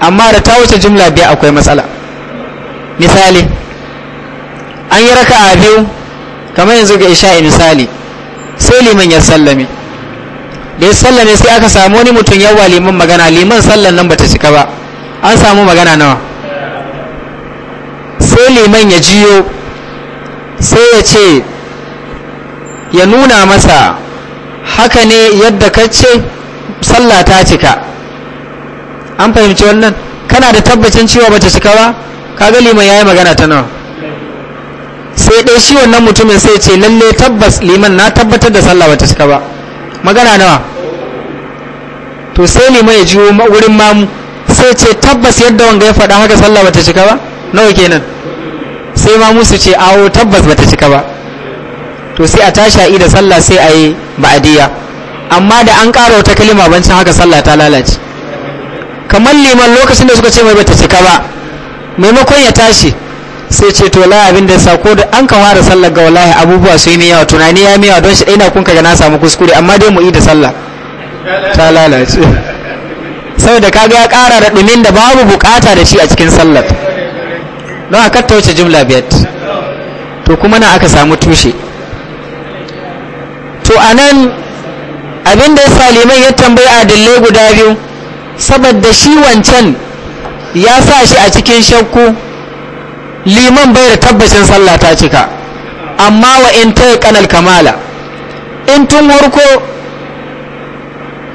amma da ta wuce jumla biya akwai matsala misali an yi raka'a biyu kamar yanzu ga isha'i misali sai liman ya sallame da ya sallame sai aka samu wani mutum yawa liman magana liman sallan nan bata cika ba an samu magana nawa sai liman ya jiyo sai ya ce ya nuna masa haka ne yadda ce sallah ta cika an fahimci wannan kana da tabbacin cewa bata cika ba kaga liman ya yi magana ta nawa sai dai shi wannan mutumin sai ce lalle tabbas liman na tabbatar da sallah bata cika ba magana nawa to sai liman ya jiwo wurin mamu sai ce tabbas yadda wanga ya faɗa haka sallah bata cika ba nawa kenan sai mamu su ce awo tabbas bata cika ba to sai a tashi a ida sallah sai a yi ba'adiyya amma da an ƙara wata kalima bancin haka sallah ta lalace kamar liman lokacin da suka ce mai bata cika ba maimakon ya tashi sai ce to la abin da sa ko da an ka fara sallar ga wallahi abubuwa sai mai yawa tunani ya mai yawa don shi ina kun kaga na samu kuskure amma dai mu yi da sallah ta lalace saboda kaga ya kara da dumin da babu bukata da shi a cikin sallar don a ta wuce jumla biyar to kuma na aka samu tushe to a nan abin da ya salimai ya tambayi adillai guda biyu saboda shi wancan ya sa shi a cikin shakku liman bai da tabbacin sallah ta cika amma wa in ta kanal kamala in tun warko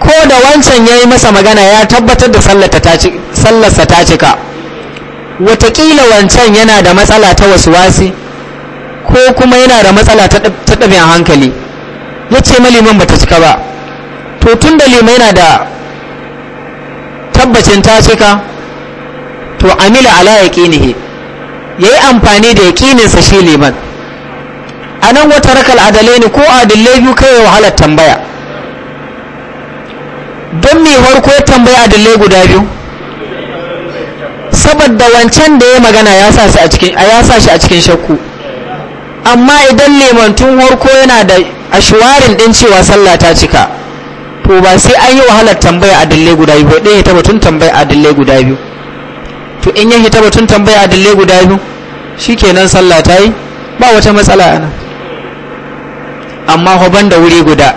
ko da wancan ya yi masa magana ya tabbatar da sallarsa ta cika watakila wancan yana da matsala ta wasu wasi ko kuma yana da matsala ta ɗabin hankali ya ce maliman ba ta cika ba to tun da liman yana da tabbacin ta cika to amila ala ya ƙinihi ya yi amfani da yaƙininsa shi liman a nan wata rakal adalai ne ko adalai biyu kai wahalar tambaya don me farko ya tambaya adalai guda biyu saboda wancan da ya magana ya sa shi a cikin shakku amma idan tun harko yana da ashwarin din cewa sallah ta cika to ba sai an yi wahalar tambaya adalai guda biyu ɗaya ta batun tambaya adalai guda biyu to in ya hita batun tambaya adillai guda biyu nan sallah ta yi ba wata matsala ana amma hoban da wuri guda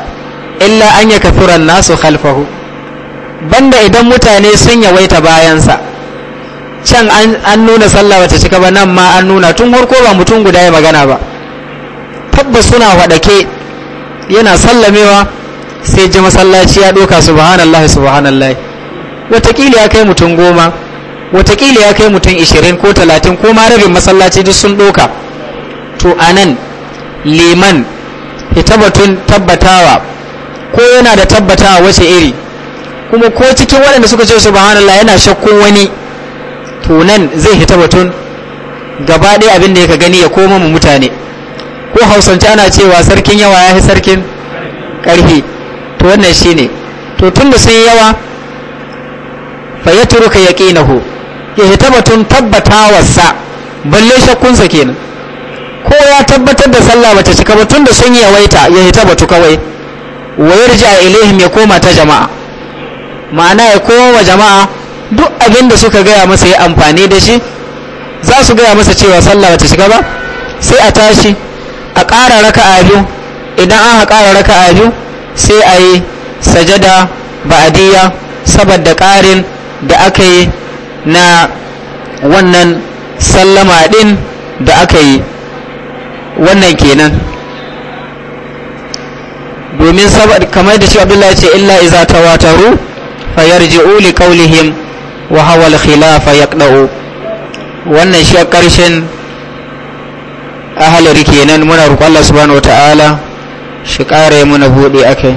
illa an ya kafiran nasu khalfahu banda idan mutane sun yawaita bayansa can an nuna sallah bata cika ba nan ma an nuna tun harko ba mutum guda ya magana ba tabbas suna waɗake yana sallamewa sai ji masallaci ya ɗoka subhanallah subhanallah wataƙila ya kai mutum goma watakila ya kai mutum 20 ko 30 ko ma rabin masallaci duk sun doka to a liman hitabatun tabbatawa ko yana da tabbatawa wace iri kuma ko cikin waɗanda suka ce subhanallah yana shakkun wani to nan zai hita gaba ɗaya abin da ya ka gani ya koma mu mutane ko hausance ana cewa sarkin yawa ya fi sarkin ƙarfi to wannan shine to tun da sun yawa fa ya na hu ya ta tabbatawarsa balle shakkunsa kenan ko ya tabbatar da sallah bata cika ba tun da sun yawaita ya hita batu kawai wa yarja ilaihim ya koma ta jama'a ma'ana ya koma wa jama'a duk abin da suka gaya masa ya amfani da shi za su gaya masa cewa sallah bata cika ba sai a tashi a ƙara raka a biyu idan an ƙara raka a biyu sai a yi sajada ba'adiyya saboda ƙarin da aka yi na wannan sallama din da aka yi wannan kenan domin saboda kamar da shi abdullahi ce illa iza tawataru fa yarji'u li qawlihim wa hawa al khilafa yaqda'u wannan shi ƙarshen ahalari kenan muna roƙon Allah subhanahu wataala shi ƙara muna buɗe akai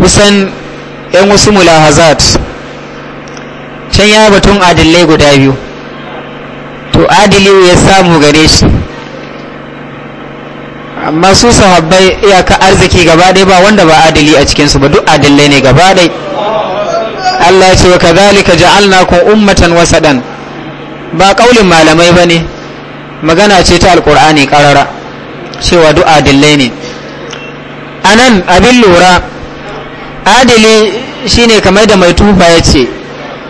kusan 'yan wasu mulahazat can ya batun adillai guda biyu to adili ya samu gare shi amma su sahabbai iyaka arziki gaba ɗaya ba wanda ba adili a cikinsu ba duk adillai ne gaba Allah ya ce wa kadhalika ja'alnakum ummatan wasadan ba kaulin malamai ba ne magana ce ta alkur'ani karara cewa duk adillai ne a nan abin lura adili shine kamar da mai tufa ya ce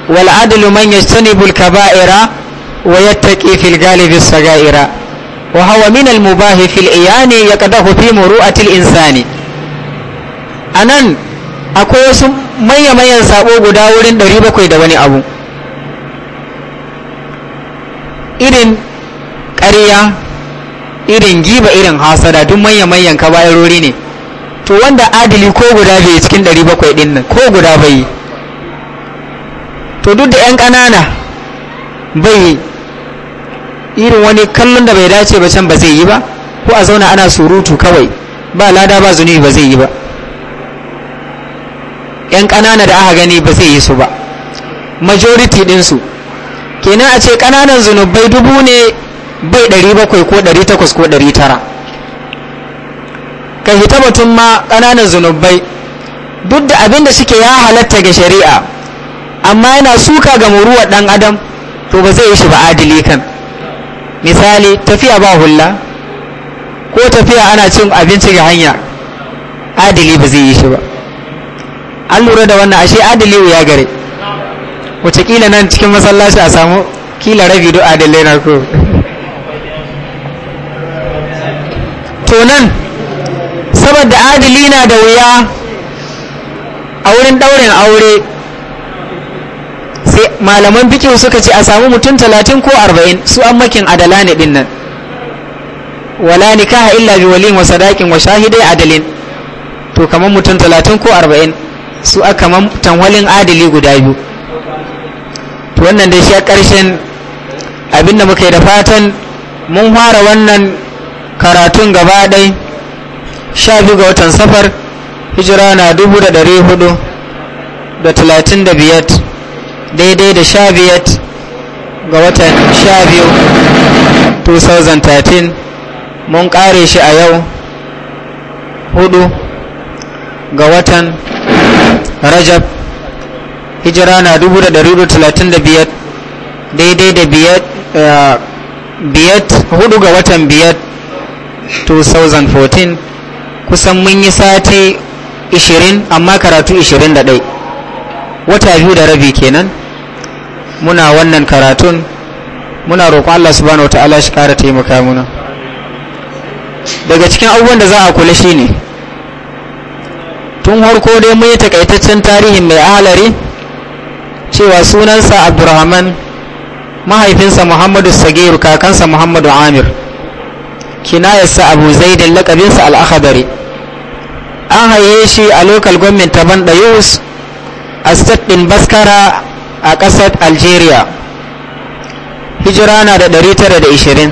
والعدل من يجتنب الكبائر ويتقي في الغالب الصغائر وهو من المباه في الإيان يقده في مروءة الإنسان anan akwai wasu manya-manyan sabo guda wurin دواني da wani abu irin جيب irin giba irin hasada duk manya-manyan ne to wanda adali ko guda bai cikin 700 ɗin nan ko guda bai yi to duk da 'yan ƙanana bai irin wani kallon da bai dace ba can ba zai yi ba ko a zauna ana surutu kawai ba lada ba zunubi ba zai yi ba 'yan ƙanana da aka gani ba zai yi su ba majority su. kenan a ce ƙananan zunubai dubu ne bai 700 ko 800 ko 900 ka hita mutum ma ƙananan zunubai duk da abin da suke ya halatta ga shari'a amma yana suka ga muruwar ɗan adam to ba zai yi shi ba adili kan misali tafiya ba hulla ko tafiya ana cin abinci ga hanya adili ba zai yi shi ba an lura da wannan ashe adili ya gare wace kila nan cikin masallaci a samu kila rabi do adalai na ko to nan saboda adili na da wuya a wurin daurin aure sai malaman fikihu suka ce a samu mutum talatin ko arba'in su an makin adala ne din nan wala kaha illa bi waliyin wa sadakin wa shahidai adalin to kamar mutum talatin ko arba'in su aka kamar tanwalin adali guda biyu to wannan dai shi a ƙarshen da muka yi da fatan mun fara wannan karatun gaba ɗai sha biyu ga watan safar hijira na dubu da ɗari hudu da talatin da biyar daidai da sha biyar ga watan sha biyu 2013 mun kare shi a yau hudu ga watan rajab hijira na 1435 daidai da biyar eh, hudu ga watan biyar 2014 kusan mun yi sati 20 amma karatu 21 wata biyu da rabi kenan muna wannan karatun muna roƙon Allah subhanahu wataala shi ƙara taimaka muna daga cikin abubuwan da za a kula shi ne. tun harko dai mun yi takaitaccen tarihin mai alari cewa sunansa abdurrahman mahaifinsa muhammadu sagiru kakansa muhammadu amir kinayarsa abu zaidin lakabinsa al'akhabari an haye shi a lokal gwamnan ban dayus a state din baskara a ƙasar algeria hijira na da 920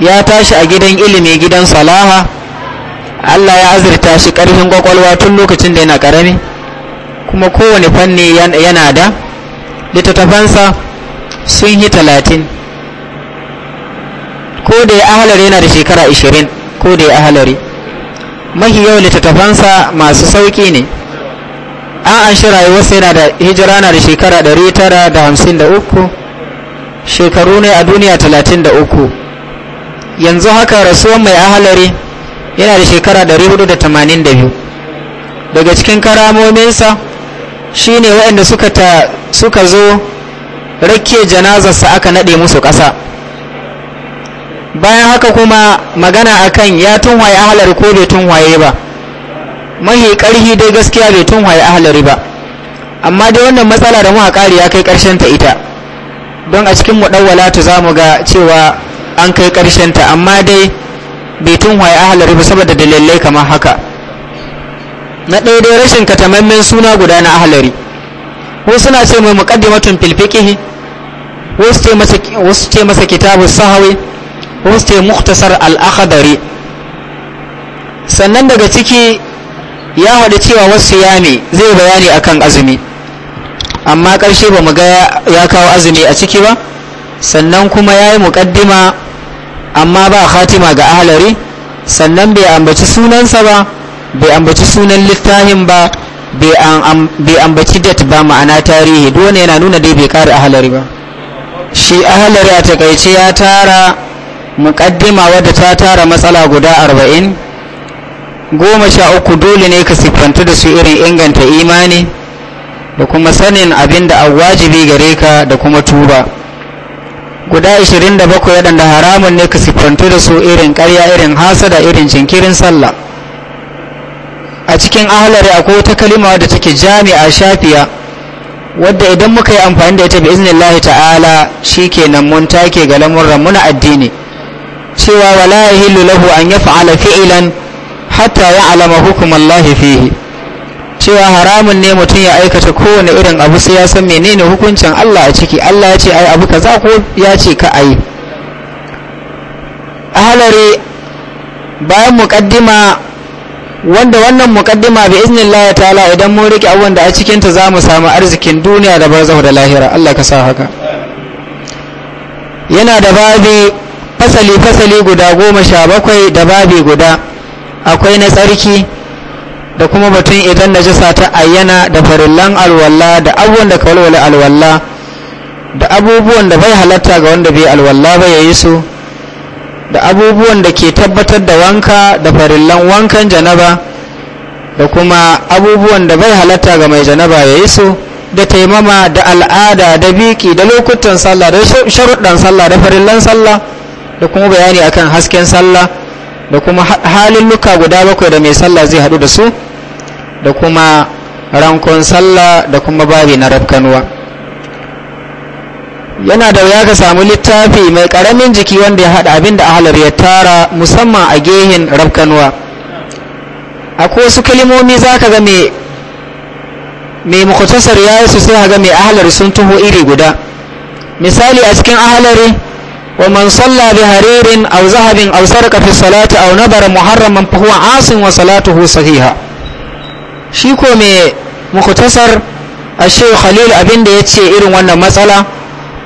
ya tashi a gidan ilimi gidan salaha allah ya azurta shi ƙarfin ƙwaƙwalwa tun lokacin da yana ƙarami kuma kowane fanni yana da littattafansa sun yi talatin ko da ya ahalari yana da shekara 20 ko da ya ahalari mahi yau littattafansa masu sauƙi ne an an shi rayuwarsa yana da hijira na da shekara 953 shekaru ne a duniya 33 yanzu haka rasuwar mai ahalari yana da shekara 482 daga cikin karamominsa shi ne waɗanda suka, suka zo rake janazarsa aka naɗe musu ƙasa bayan haka kuma magana akan ya tunwaye ahalar ko bai tunwaye ba mahi karhi dai gaskiya bai tun waye ahli riba amma dai wannan matsala da muka kare ya kai karshen ta ita don a cikin mudawwalatu zamu ga cewa an kai karshen ta amma dai bai tun waye ahli riba saboda dalilai kamar haka na ɗaya dai rashin katamammen suna guda na ahlari wasu suna ce mai muqaddimatun fil fiqh wasu ce masa wasu ce masa sahawi wasu ce mukhtasar al-akhdari sannan daga ciki ya haɗu cewa wasu yami zai bayani akan azumi amma ƙarshe ba mu ga ya kawo azumi a ciki ba sannan kuma ya yi muƙaddima amma ba khatima ga ahalari sannan bai ambaci sunansa ba bai ambaci sunan littafin ba bai ambaci dat ba ma'ana tarihi dole yana nuna dai bai kare ahalari ba shi ahalari a takaice ya tara muƙaddima wadda ta tara matsala guda arba'in goma sha uku dole ne ka siffanta da su irin inganta imani da kuma sanin abin da wajibi gare ka da kuma tuba guda 27 waɗanda haramun ne ka siffantu da su irin karya irin hasada irin jinkirin sallah a cikin ahalari akwai wata kalima da take jami'a shafiya wadda idan muka yi amfani da ita bi iznillahi ta'ala shikenan mun take ga lamurran muna addini cewa wala yahillu lahu an yaf'ala fi'lan hatta ya alama hukumar lahi fihi cewa haramun ne mutum ya aikata kowane irin abu sai ya san menene hukuncin Allah a ciki Allah ya ce ai abu kaza ko ya ce ka ai a halare bayan muƙaddima wanda wannan muƙaddima bi iznillahi ta'ala idan mun rike abubuwan da a cikinta ta zamu samu arzikin duniya da barzahu da lahira Allah ka sa haka yana da babi fasali fasali guda goma sha bakwai da babi guda akwai na tsarki da kuma batun idan najasa ta ayyana da farillan alwallah da abubuwan da kawalwale alwallah da abubuwan da bai halatta ga wanda bai alwallah ba ya yi su da abubuwan da ke tabbatar da wanka da farillan wankan janaba da kuma abubuwan da bai halatta ga mai janaba ya yi su da taimama da al'ada da biki da lokutan sallah da sharuɗan sallah da farillan sallah da kuma bayani akan hasken sallah da kuma halin luka guda bakwai da mai sallah zai haɗu da su da kuma rankon sallah da kuma babi na rafkanuwa yana da wuya ka samu littafi mai karamin jiki wanda ya haɗa abin da ahalar ya tara musamman a gehin rafkanuwa akwai wasu kalimomi za ka ga mai mukutasar ya yi su sai ga mai ahalar sun taho iri guda misali a cikin ahalari ومن صلى بهرير او ذهب او سرق في الصلاه او نبر محرما فهو عاص وصلاته صحيحه شي كو مي مختصر الشيخ khalil ابن ده يتشي irin wannan matsala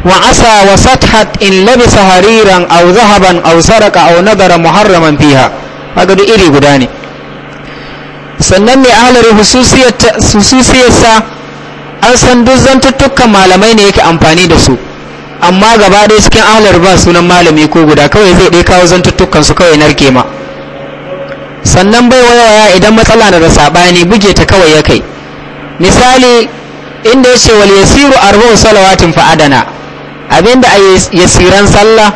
wa asa wa sathat in labisa hariran aw zahaban aw saraka aw nadara muharraman fiha kaga iri guda ne sannan ne ahlul hususiyyata hususiyyata an san duk malamai ne yake amfani da su amma gaba ɗaya cikin ahlar ba sunan malami ko guda kawai zai ɗaya kawo zan zantuttukan su kawai narke ma sannan bai wayawa idan matsala na da saɓani buge ta kawai ya kai misali inda ya ce wal yasiru arba'u salawatin fa adana abinda a yasiran sallah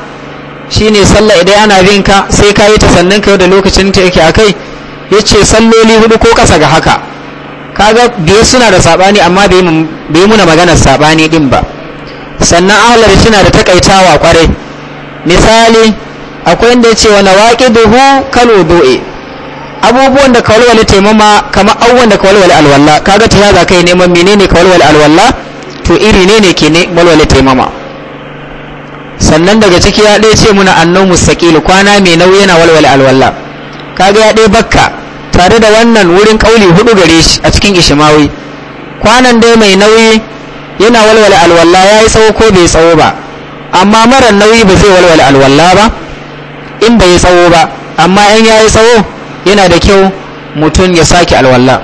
shine sallah idan ana bin ka sai ka yi ta sannan ka yau da lokacin ta yake akai yace salloli hudu ko kasa ga haka kaga biye suna da saɓani amma bai muna maganar saɓani din ba sannan ahlar suna da takaitawa kwarai misali akwai inda ya ce wa duhu kalu du'i abubuwan da kawalwale taimama kama abubuwan da kawalwale alwalla kaga ta za kai neman menene kawalwale alwalla to iri ne ne ke ne walwale taimama sannan daga ciki ya ɗaya ce muna annon mustaƙil kwana mai nauyi yana walwale alwalla kaga ya ɗaya bakka tare da wannan wurin ƙauli hudu gare shi a cikin ishimawi kwanan dai mai nauyi yana walwala alwalla ya yi tsawo ko bai tsawo ba amma mara nauyi ba zai walwala alwalla ba in bai tsawo ba amma in ya yi tsawo yana da kyau mutum ya sake alwalla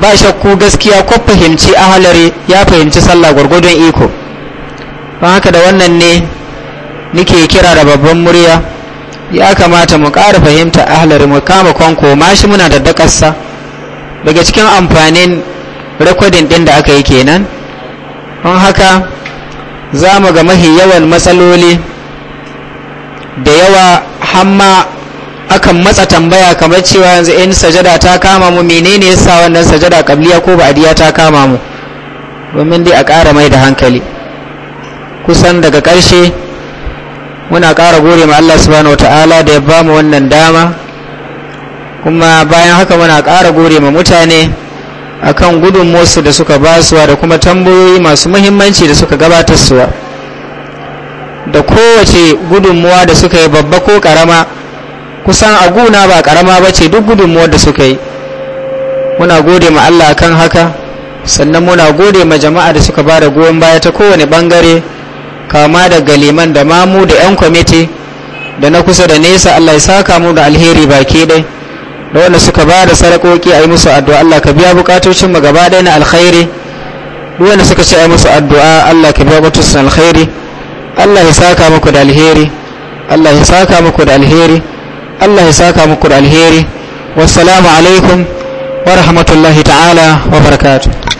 ba shakku gaskiya ko fahimci a ahalari ya fahimci sallah gwargwadon iko ba haka da wannan ne nike kira da babban murya ya kamata mu ƙara fahimta ahalari mu kama kwanko mashi muna da dakarsa daga cikin amfanin rekodin ɗin da aka yi kenan don haka za mu ga mahi yawan matsaloli da yawa hamma akan matsa tambaya kamar cewa yanzu in sajada ta kama mu menene yasa wannan sajada kabliya ko ba'diya ta kama mu domin dai a ƙara mai da hankali kusan daga ƙarshe muna ƙara gode ma Allah subhanahu ta'ala da ya bamu wannan dama kuma bayan haka muna ƙara gode ma mutane akan musu da suka basuwa da kuma tambayoyi masu muhimmanci da suka gabatar suwa da kowace gudunmuwa da suka yi babba ko karama kusan a guna ba karama ba ce duk gudunmuwar da suka yi muna gode ma Allah akan haka sannan muna gode ma jama'a da suka ba da goyon baya ta kowane bangare kama daga liman da mamu da 'yan kwamiti da na kusa da nesa Allah ya saka mu da alheri baki ɗaya da wanda suka ba da sadakoki a yi musu addu'a Allah ka biya bukatocin mu gaba ɗaya na alkhairi duk wanda suka ce a yi musu addu'a Allah ka biya bukatocin alkhairi Allah ya saka muku da alheri Allah ya saka muku da alheri Allah ya saka muku da alheri wassalamu alaikum wa rahmatullahi ta'ala wa barakatuh